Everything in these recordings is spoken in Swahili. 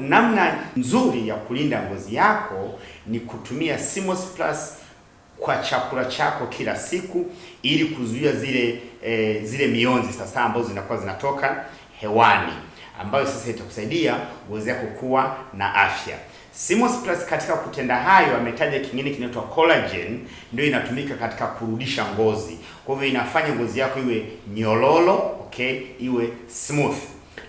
Namna nzuri ya kulinda ngozi yako ni kutumia Simos Plus kwa chakula chako kila siku ili kuzuia zile e, zile mionzi sasa ambazo zinakuwa zinatoka hewani ambayo sasa itakusaidia ngozi yako kuwa na afya. Simos Plus katika kutenda hayo ametaja kingine kinaitwa collagen, ndio inatumika katika kurudisha ngozi. Kwa hivyo inafanya ngozi yako iwe nyololo okay, iwe smooth.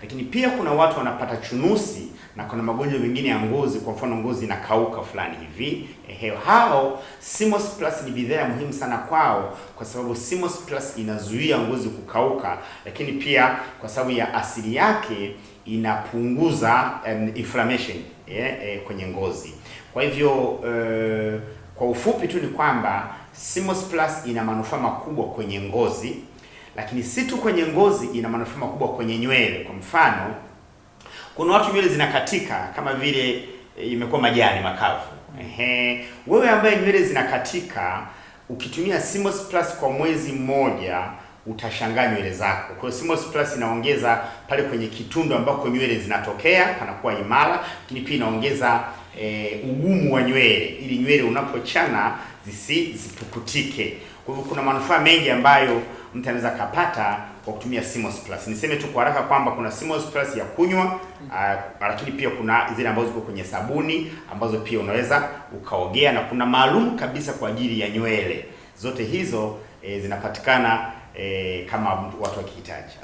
Lakini pia kuna watu wanapata chunusi na kuna magonjwa mengine ya ngozi, kwa mfano ngozi inakauka fulani hivi. Ehe, hao Simos Plus ni bidhaa ya muhimu sana kwao, kwa sababu Simos Plus inazuia ngozi kukauka, lakini pia kwa sababu ya asili yake inapunguza um, inflammation yeah, eh, kwenye ngozi. Kwa hivyo uh, kwa ufupi tu ni kwamba Simos Plus ina manufaa makubwa kwenye ngozi lakini si tu kwenye ngozi, ina manufaa makubwa kwenye nywele. Kwa mfano, kuna watu nywele zinakatika kama vile eh, imekuwa majani makavu. Ehe, wewe ambaye nywele zinakatika, ukitumia Simos Plus kwa mwezi mmoja utashangaa nywele zako. Kwa hiyo Simos Plus inaongeza pale kwenye kitundu ambako nywele zinatokea, panakuwa imara, lakini pia inaongeza e, ugumu wa nywele ili nywele unapochana zisi zipukutike. Kwa hivyo kuna manufaa mengi ambayo mtu anaweza akapata kwa kutumia Simos Plus. Niseme tu kwa haraka kwamba kuna Simos Plus ya kunywa, mm-hmm. ah, lakini pia kuna zile ambazo ziko kwenye sabuni ambazo pia unaweza ukaogea, na kuna maalum kabisa kwa ajili ya nywele. Zote hizo e, zinapatikana e, kama watu wakihitaji.